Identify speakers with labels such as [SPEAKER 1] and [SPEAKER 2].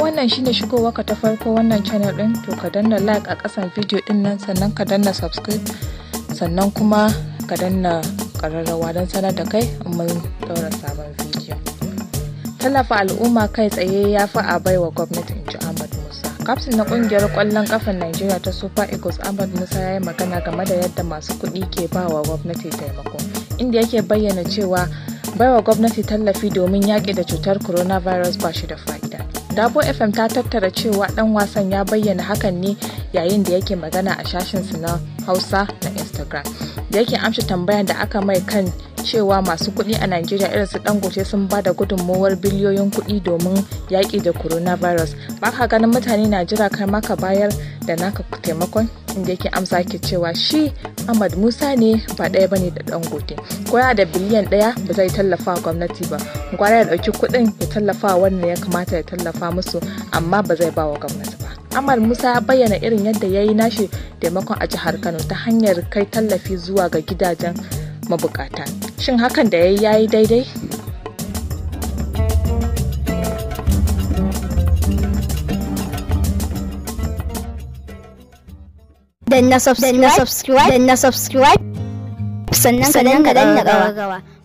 [SPEAKER 1] wannan shine shigowa ka ta farko wannan channel din to ka danna like a kasan video din nan sannan ka danna subscribe sannan kuma ka danna kararrawa don sanar da kai mun daura sabon video. tallafa al'umma kai tsaye ya fi a baiwa gwamnati in ji ahmad musa kafin na kungiyar kwallon kafan najeriya ta super eagles ahmad musa ya yi magana game da yadda masu kuɗi ke ba wa gwamnati taimako inda yake bayyana cewa baiwa gwamnati tallafi domin yaƙi da cutar coronavirus ba shi da fa'ida Dabo FM ta tattara cewa dan wasan ya bayyana hakan ne yayin da yake magana a shashinsu na Hausa na Instagram. Da yake amshi tambayar da aka mai kan cewa masu kuɗi a nigeria irin su Dangote sun ba da gudunmowar biliyoyin kuɗi domin yaƙi da coronavirus. Ba ka ganin mutane na jira kai maka bayar da naka taimakon inda yake amsa ke cewa shi ahmad musa ne ba ɗaya bane da dangote ko ya da biliyan ɗaya ba zai tallafa gwamnati ba gwara ya ɗauki kuɗin ya tallafa wannan ya kamata ya tallafa musu amma ba zai ba wa gwamnati ba Ahmad Musa ya bayyana irin yadda ya yi nashi taimakon a jihar Kano ta hanyar kai tallafi zuwa ga gidajen mabukata. Shin hakan da ya yi daidai?
[SPEAKER 2] dan na subscribe dan na subscribe sannan ka danna gawa